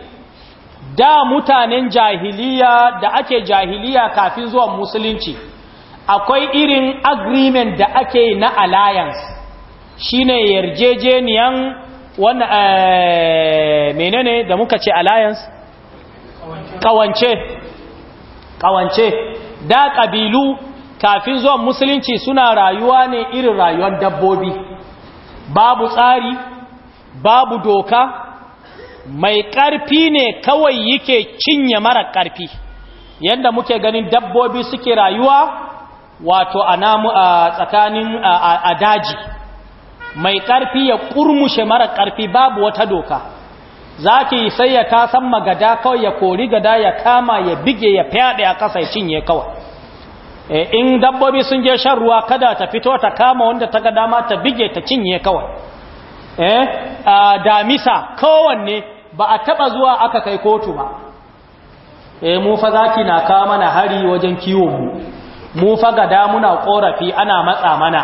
da mutanen jahiliya da ake jahiliya kafin zuwan musulunci akwai irin agreement da ake na alliance shine yarjejeniyan wannan eh, menene da muka ce alliance kawance kawance da kabilu kafin zuwan musulunci suna rayuwa ne irin rayuwar dabbobi babu tsari babu doka mai ƙarfi ne kawai yake cinye mara ƙarfi yadda muke ganin dabbobi suke rayuwa wato a namu a tsakanin a daji mai ƙarfi ya ƙurmushe mara ƙarfi babu wata doka za ki sai ya kasan magada kawai ya kori gada ya kama ya bige ya fyaɗe a ƙasa ya cinye kawai e, in dabbobi sun je shan ruwa kada ta fito ta kama wanda ta ga dama ta bige ta cinye kawai eh damisa kowanne ba a taɓa zuwa aka kai kotu ba eh mu fa zaki na kama na hari wajen kiwon mu mu fagada muna korafi ana matsa mana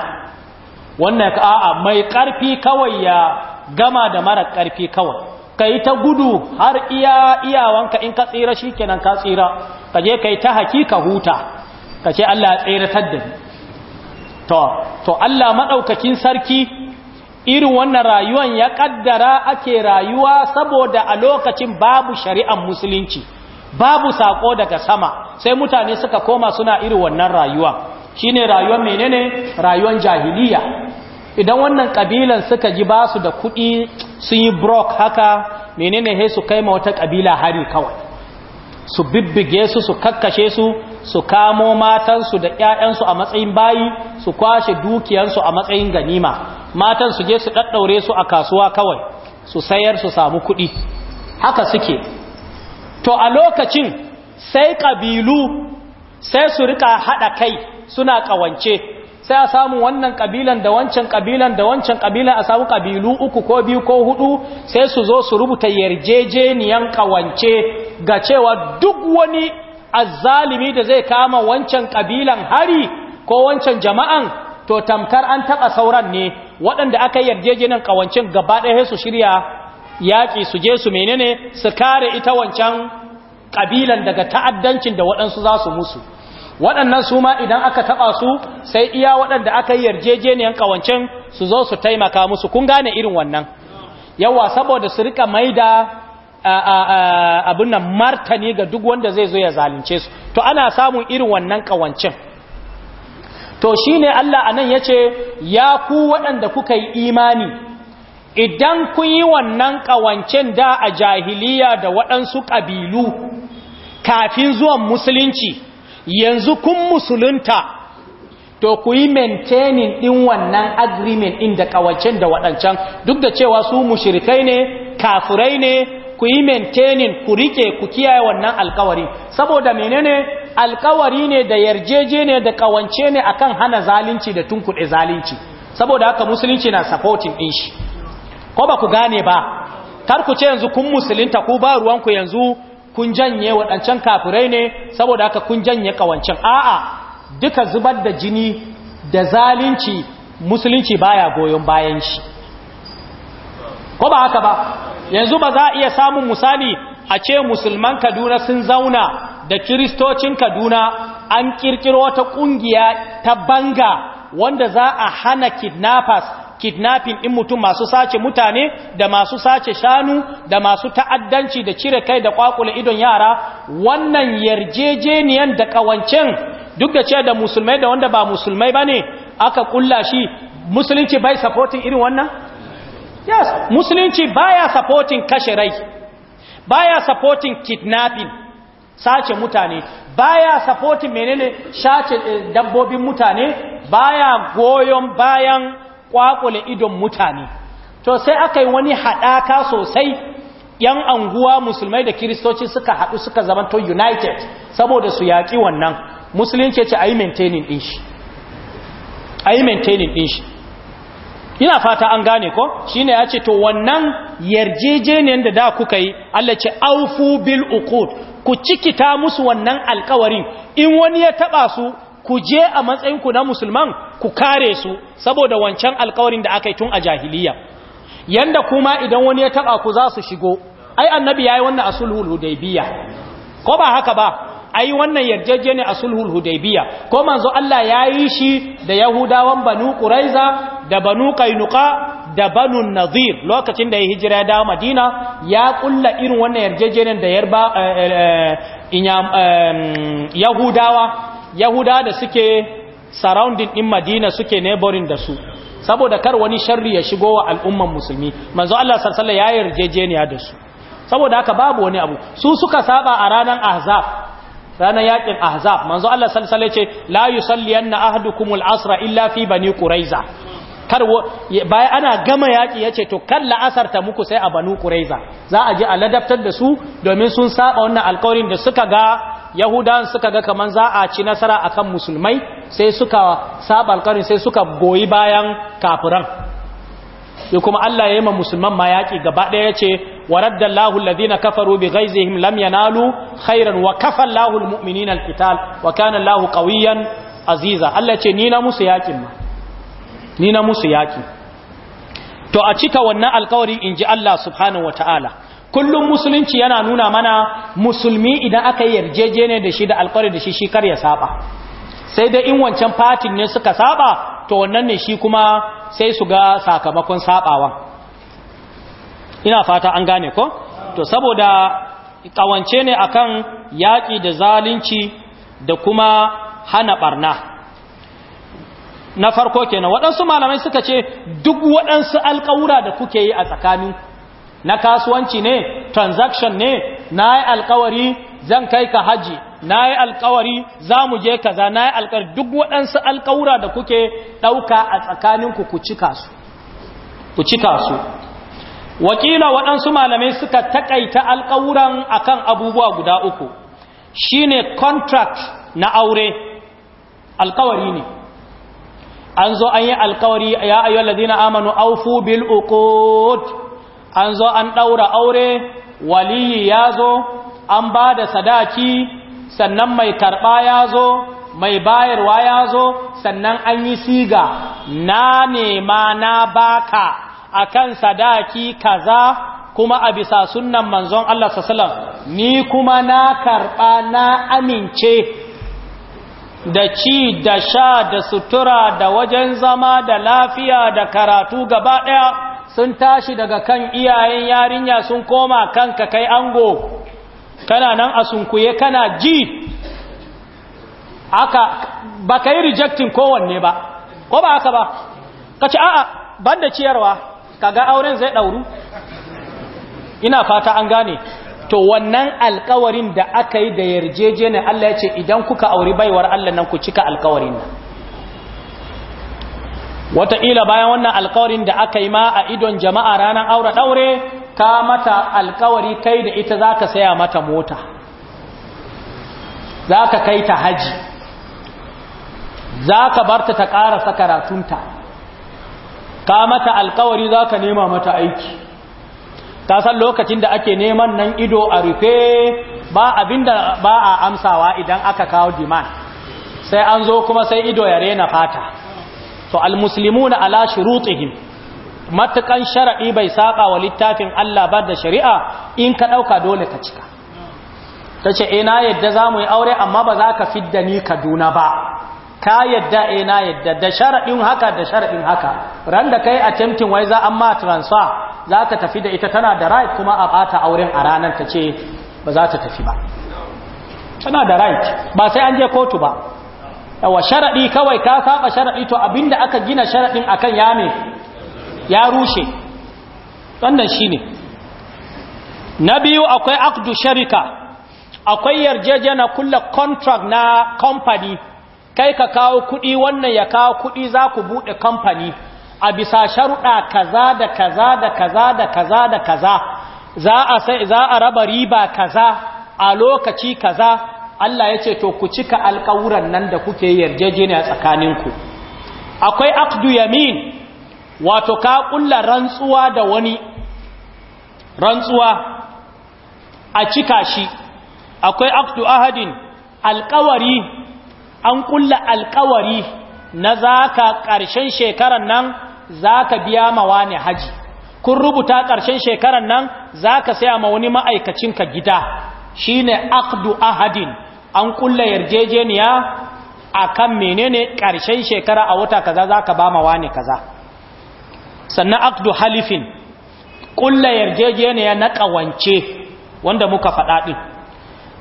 wannan a'a mai ƙarfi kawai ya gama da mara karfi kawai ka ta gudu har iya iyawanka in ka tsira shi kenan ka tsira ka je ka ta hakika huta ka ce Allah ya tsira da to to Allah maɗaukakin sarki irin wannan rayuwan ya ƙaddara ake rayuwa saboda a lokacin babu shari'ar musulunci babu sako daga sama sai mutane suka koma suna iri wannan rayuwa shine rayuwar menene rayuwar jahiliya idan wannan kabilan suka ji basu da kuɗi sun yi brok haka menene he su kai ma wata kabila hari kawai su bibbige su su kakkashe su su kamo matansu da 'ya'yansu a matsayin bayi su kwashe dukiyansu a matsayin ganima matan su je su daddaure su a kasuwa kawai su sayar su samu kuɗi haka suke to a lokacin sai ƙabilu sai su rika haɗa kai suna ƙawance sai a samu wannan ƙabilan da wancan ƙabilan da wancan ƙabilan a samu ƙabilu uku ko biyu ko hudu sai su zo su rubuta yarjejeniyan ƙawance ga cewa duk wani azzalimi da zai kama wancan ƙabilan hari ko wancan jama'an to tamkar an taɓa sauran ne waɗanda aka yi yarjejeniyan ƙawancen gaba ɗaya su shirya yaƙi su je su menene su kare ita wancan ƙabilan daga ta'addancin da waɗansu za su musu waɗannan su ma idan aka taɓa su sai iya waɗanda aka yi yarjejeniyan ƙawancen su zo su taimaka musu kun gane irin wannan yawa saboda su rika mai da abin nan martani ga duk wanda zai zo ya zalunce su to ana samun irin wannan ƙawancen to shi ne Allah a nan ya ce ya ku waɗanda kuka yi imani idan kun yi wannan ƙawancen da a jahiliya da waɗansu ƙabilu kafin zuwan musulunci yanzu kun musulunta to ku yi maintaining ɗin wannan agreement ɗin da ƙawancen da waɗancan duk da cewa su mushirikai ne kafurai ne ku yi maintaining ku rike ku kiyaye wannan alkawari saboda menene alkawari ne da yarjeje ne da ƙawance ne akan hana zalunci da tunkuɗe zalunci saboda haka musulunci na supporting ɗin shi ko ba ku gane ba kar ku ce yanzu kun musulunta ku ba ruwanku yanzu kun janye waɗancan kafirai ne saboda haka kun janye ƙawancin a'a duka zubar da jini da zalunci musulunci baya goyon bayan shi ko ba haka ba yanzu ba za a iya samun misali a ce musulman kaduna sun zauna da kiristocin kaduna an kirkiro wata ƙungiya ta banga wanda za a hana kidnappers kidnapping in mutum masu sace mutane da masu sace shanu da masu ta'addanci da cire kai da kwakula idon yara wannan yarjejeniyan da kawancen duk da cewa da musulmai da wanda ba musulmai bane aka kulla shi musulunci bai supporting irin wannan yes musulunci baya supporting kashe rai baya supporting kidnapping sace mutane baya supporting menene sace eh, dabbobin mutane baya goyon bayan kwakule idon mutane to sai aka yi wani haɗaka sosai yan anguwa musulmai da kiristoci suka haɗu suka zamanto united saboda su yaƙi wannan musulunci ce a yi maintaining ɗin shi a maintaining ɗin shi ina fata an gane ko shine ya ce to wannan yarjejeniyar da da kuka yi Allah ce aufu bil uqud ku cikita musu wannan alkawarin in wani ya taɓa su ku je a matsayin ku na musulman ku kare su saboda wancan alkawarin da aka yi tun a jahiliya yanda kuma idan wani ya taba ku za su shigo ai annabi yi wannan a sulhul ko ba haka ba ai wannan yarjeje a sulhul hudaibiya ko manzo Allah yayi shi da yahudawan banu quraiza da banu qainuqa da banu nazir lokacin da ya hijira da madina ya kulla irin wannan ne da yarba eh, eh, eh, yahudawa yahuda da suke surrounding din madina suke neighboring da su saboda kar wani sharri ya shigo wa al'umman musulmi manzo Allah sallallahu ya yarjejeniya da su saboda haka babu wani abu su suka saba a ranar ahzab ranar yakin ahzab manzo Allah sallallahu ce layu ce la yusalliyanna ahdukumul asra illa fi bani quraiza kar bayan ana gama yaƙi ya ce to kan la'asar ta muku sai a banu ƙuraiza za a je a ladabtar da su domin sun saba wannan alƙawarin da suka ga yahudan suka ga kaman za a ci nasara akan musulmai sai suka saba sai suka goyi bayan kafiran ya kuma Allah ya yi ma musulman ma yaƙi gaba ɗaya ya ce wa raddallahu alladhina kafaru bi ghaizihim lam yanalu khairan wa kafa Allahu almu'minina alqital wa kana Allahu qawiyan aziza Allah ce ni na musu yaƙin ma ni na musu yaƙi to a cika wannan alƙawari inji Allah subhanahu wataala kullum musulunci yana nuna mana musulmi idan aka yi ne da shi da alkwari da shi shi kar ya saba sai dai in wancan fatin ne suka saba to wannan ne shi kuma sai su ga sakamakon sabawan ina fata an gane ko to saboda kawance ne akan yaƙi da zalunci da kuma hana barna na farko kenan waɗansu malamai suka ce duk waɗansu alƙawura da kuke yi a tsakaninku na kasuwanci ne transaction ne na alkawari zan kai ka haji na yi alkawari za mu je kaza na yi alkawari duk waɗansu alkawura da kuke ɗauka a tsakaninku ku cika su wakila waɗansu malamai suka taƙaita alkawuran akan abubuwa guda uku shine contract na aure alkawari ne an zo an yi alkawari ya ayyuhallazina amanu aufu bil uqud an zo an ɗaura aure waliyi ya zo an ba da sadaki sannan mai karɓa ya zo mai bayarwa ya zo sannan an yi siga na nema na baka akan sadaki kaza kuma a bisa sunan manzon Allah sallam ni kuma na karɓa na amince da ci da sha da sutura da wajen zama da lafiya da karatu gaba ɗaya sun tashi daga kan iyayen yarinya sun koma kanka kai ango kana nan a sunkuye kana ji aka ba ka yi rejectin kowanne ba ko ba haka ba ka ci a'a banda ciyarwa kaga auren zai ɗauru ina fata an gane to wannan alkawarin da aka yi da yarjejeniyar Allah ya ce idan kuka auri baiwar Allah nan ku cika alkawarin nan wataƙila bayan wannan alkawarin da aka yi ma a idon jama'a ranar aure ɗaure ka mata alkawari kai da ita za ka saya mata mota za ka kai ta haji za ka barta ta ƙara karatunta ka mata alkawari za ka nema mata aiki ta san lokacin da ake neman nan ido a rufe ba abinda ba a amsawa idan aka kawo demand sai an zo kuma sai ido ya rena fata to almuslimuna ala shurutihim matakan shara'i bai saƙa wa littafin Allah ba da shari'a in ka dauka dole ka cika tace eh na yadda zamu yi aure amma ba za ka fidda ni Kaduna ba ka yadda eh na yadda da shar'in haka da shar'in haka ran da kai attempting wai za amma transfer za ka tafi da ita tana da right kuma a bata auren a ranar tace ba za ta tafi ba tana da right ba sai an je kotu ba wa sharaɗi kawai ka saba sharaɗi to abinda aka gina sharaɗin akan ya me ya rushe wannan shine na biyu akwai akdu sharika akwai yarjejena kulla contract na company kai ka kawo kuɗi wannan ya kawo kuɗi za ku buɗe company a bisa sharuɗa kaza da kaza da kaza da kaza da kaza za a raba riba kaza a lokaci kaza Allah ya ce to ku cika alkawuran nan da kuke a tsakaninku akwai aqdu yamin wato ka kulla rantsuwa da wani rantsuwa a cika shi akwai aqdu ahadin alƙawari, an kulla alƙawari na ka ƙarshen shekaran nan zaka biya mawa ne haji kun rubuta ƙarshen shekaran nan zaka saya ma wani ma'aikacinka gida shine aqdu ahadin an kulla yarjejeniya a akan menene ƙarshen shekara a wata kaza za ka ba ma wane kaza sannan akdu halifin kulla yarjejeniya na ƙawance wanda muka faɗaɗi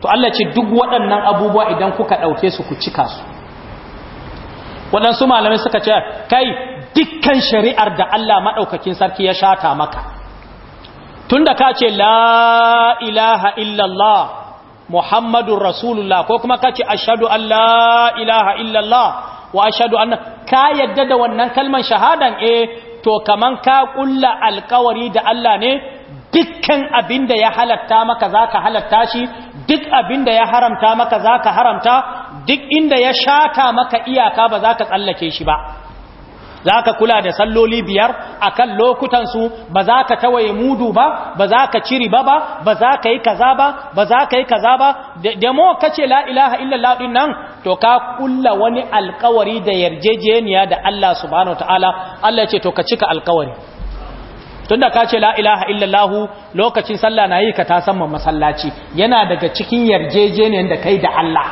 to Allah ce duk waɗannan abubuwa idan kuka ɗauke su ku cika su waɗansu malamai suka ce kai dukkan shari'ar da Allah maɗaukakin sarki ya shata maka Tunda ka ce la ilaha illallah muhammadun rasulullah ko kuma kace ashhadu an la ilaha illallah wa ashhadu anna ka yadda da wannan kalman shahadan eh to kaman ka kulla alkawari da Allah ne dukkan abinda ya halatta maka zaka halatta shi duk abinda ya haramta maka zaka haramta duk inda ya shata maka iyaka ba zaka tsallake shi ba za ka kula da salloli biyar a kan lokutansu ba za ka tawaye mudu ba ba za ka ciri ba ba ba za ka yi kaza ba ba za ka yi kaza ba da mo ka ce la'ilaha illallah ɗin nan to ka kulla wani alkawari da yarjejeniya da Allah subhanahu ta'ala Allah ce to ka cika alkawari tunda ka ce la'ilaha illallah lokacin sallah na yi ka ta saman masallaci yana daga cikin yarjejeniyan da kai da Allah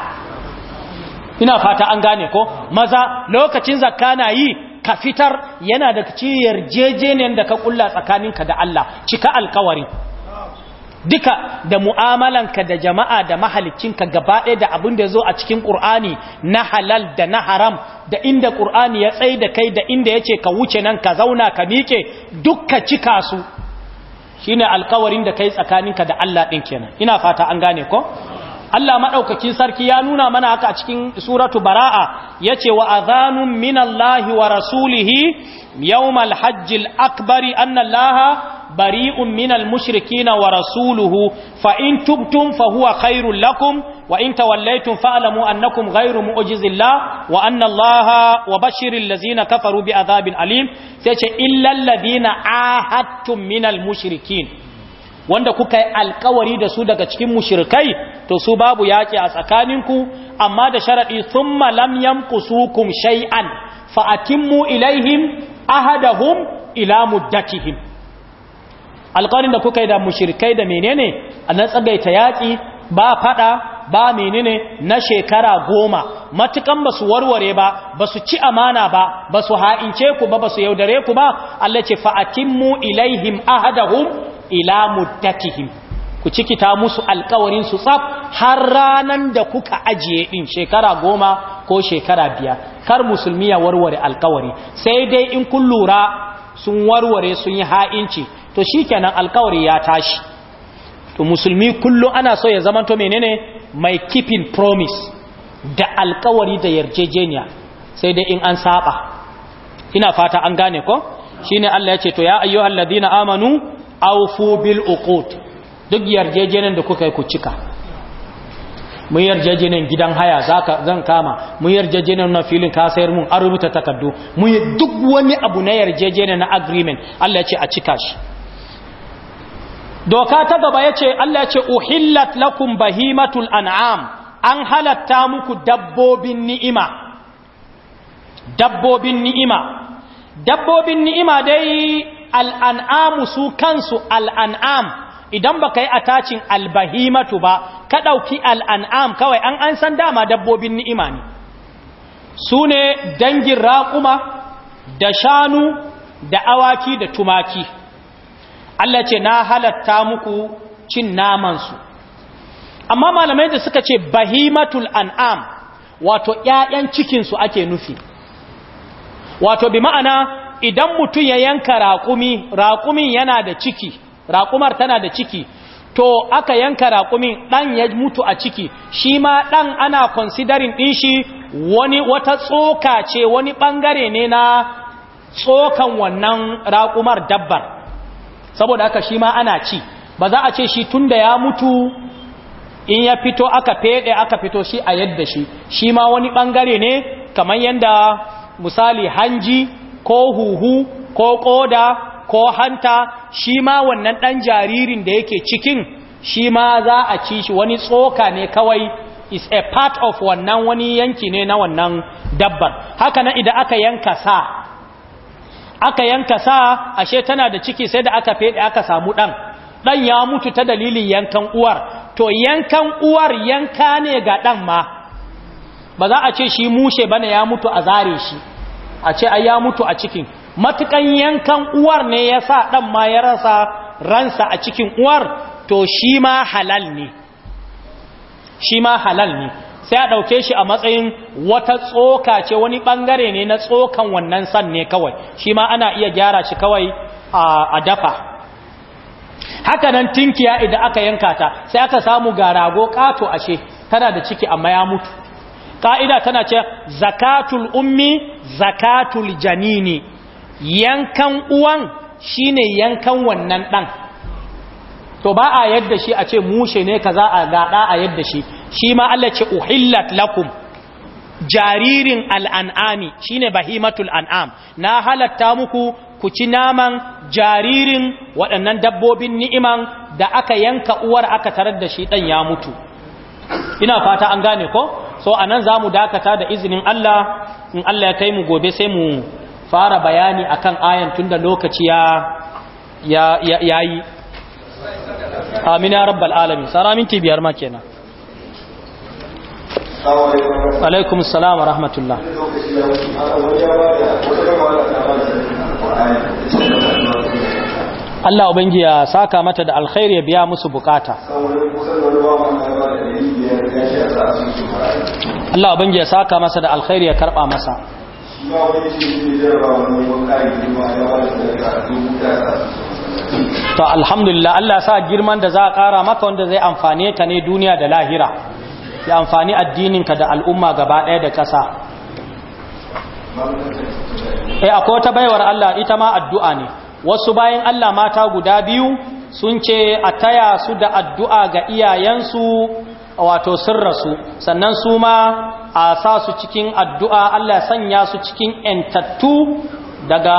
ina fata an gane ko maza lokacin zakka na yi ka fitar yana da ciyar ne da ka kulla tsakaninka da Allah cika alkawari duka da mu'amalanka da jama'a da mahalicinka gaba ɗaya da abin da zo a cikin ƙur'ani na halal da na haram da inda ƙur'ani ya tsaye da kai da inda ya ce ka wuce nan ka zauna ka miƙe dukka cika su shi ne alkawarin da kai tsakaninka da Allah ɗin kenan ina fata an gane ko Allah maɗaukakin sarki ya nuna mana haka a cikin suratu bara'a ya ce wa azanun minallahi wa rasulihi yawmal hajjil akbari annallaha bari'un minal mushrikina wa rasuluhu fa in tubtum fa huwa khairul lakum wa in tawallaytum fa'lamu annakum ghairu mu'jizillah wa annallaha wa bashiril ladzina kafaru bi azabin alim sai ce illal ladzina ahadtum minal mushrikin wanda kuka yi alkawari da su daga cikin mushrikai to su babu yaƙi a tsakaninku amma da sharaɗi sun malam yankusukum shay'an fa'atimmu ilaihim ahadahum ila muddatihim alkawarin da kuka yi da mushrikai da menene a nan tsagaita yaƙi ba faɗa ba menene na shekara goma matukan ba su warware ba ba su ci amana ba ba su ha'ince ku ba ba su yaudare ku ba Allah ce fa'atimmu ilaihim ahadahum ila muddatihim ku cikita musu alkawarin su tsaf har ranan da kuka ajiye in shekara goma ko shekara biya. kar musulmi ya warware alkawari sai dai in kun lura sun warware sun yi ha'inci to shi kenan alkawari ya tashi to musulmi kullum ana so ya zamanto menene mai keeping promise da alkawari da yarjejeniya sai dai in an saba ina fata an gane ko shine Allah ya ce to ya ayyuhal ladina amanu aufu bil uqut duk yarjejenin da kuka yi ku cika mun yarjejenin gidan haya zaka zan kama mun yarjejenin na filin ka sayar mun a rubuta takardu mun duk wani abu na yarjejenin na agreement Allah ya ce a cika shi doka ta gaba ya ce Allah ya ce uhillat lakum bahimatul an'am an halatta muku dabbobin ni'ima dabbobin ni'ima dabbobin ni'ima dai al'an'amu su kansu al'an'am idan baka yi a tacin albahimatu ba ka ɗauki al'an'am kawai an an san dama dabbobin ni'ima ne su ne dangin raƙuma da shanu da awaki da tumaki Allah ce na halatta muku cin namansu amma malamai da suka ce bahimatul an'am wato ‘ya'yan cikinsu ake nufi wato bi ma'ana idan mutum ya yanka raƙumi raƙumin yana da ciki raƙumar tana da ciki to aka yanka raƙumin ɗan ya mutu a ciki shi ma ɗan ana considering ɗin shi wani wata tsoka ce wani ɓangare ne na tsokan wannan raƙumar dabbar saboda aka shi ma ana ci ba za a ce shi tun da ya mutu in ya fito aka feɗe aka fito shi a yadda shi shi ma wani ɓangare ne kamar yadda misali hanji ko huhu ko koda ko hanta shi ma wannan ɗan jaririn da yake cikin shi ma za a ci shi wani tsoka ne kawai is a part of wannan wani yanki ne na wannan dabbar haka na idan aka yanka sa aka yanka sa ashe tana da ciki sai da aka fede aka samu ɗan ɗan ya mutu ta dalilin yankan uwar to yankan uwar yanka ne ga ɗan ma ba za a ce shi mushe bane ya mutu a zare shi a ce a ya mutu a cikin matukan yankan uwar ne ya sa ɗan ma ya rasa ransa a cikin uwar to shi ma halal ne shi ma halal ne sai a ɗauke shi a matsayin wata tsoka ce wani ɓangare ne na tsokan wannan san ne kawai shi ma ana iya gyara shi kawai a dafa haka nan tinkiya idan aka yanka ta sai aka samu ga rago ƙato ashe tana da ciki amma ya mutu ƙa'ida tana ce zakatul ummi zakatul janini yankan uwan shine yankan wannan ɗan to ba a yadda shi a ce mushe ne ka za a gaɗa a yadda shi shi ma Allah ce uhillat lakum jaririn al'an'ami shine bahimatul an'am na halatta muku ku ci naman jaririn waɗannan dabbobin ni'iman da aka yanka uwar aka tarar da shi ɗan ya mutu ina fata an gane ko so a nan za mu dakata da izinin Allah in Allah ya kai mu gobe sai mu fara bayani akan ayan tun da lokaci ya yayi amina rabbal alamin tsara minti biyar ma kenan alaikum salam wa rahmatullah Allah ubangi ya saka mata da alkhairi ya biya musu bukata Allah abin ya saka masa da alkhairi ya karba masa to alhamdulillah Allah sa girman da za a kara maka wanda zai amfane ka ne duniya da lahira ya amfani addininka da al'umma gaba ɗaya da ƙasa eh akwai wata baiwar Allah ita ma addu'a ne wasu bayan Allah mata guda biyu sun ce a taya su da addu'a ga iyayensu wato sun rasu sannan su ma a sa su cikin addu'a Allah sanya su cikin ‘yantattu daga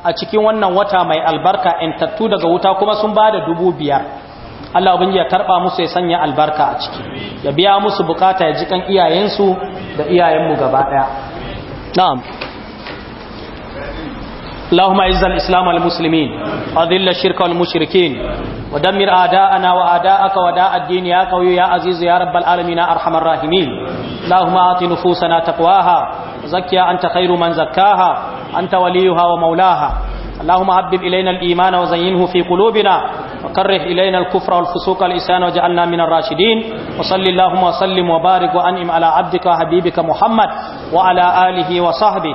a cikin wannan wata mai albarka ‘yantattu daga wuta kuma sun ba da dubu biyar Allah abin ya karɓa musu ya sanya albarka a ciki ya biya musu bukata ya jikan iyayensu da iyayenmu gaba ɗaya اللهم اعز الاسلام والمسلمين اذل الشرك والمشركين ودمر اعداءنا واعداءك وداء الدين يا قوي يا عزيز يا رب العالمين ارحم الراحمين اللهم اعط نفوسنا تقواها زكيها انت خير من زكاها انت وليها ومولاها اللهم حبب الينا الايمان وزينه في قلوبنا وكره إلينا الكفر والفسوق والإسان وجعلنا من الراشدين وصل اللهم وسلم وبارك وأنئم على عبدك وحبيبك محمد وعلى آله وصحبه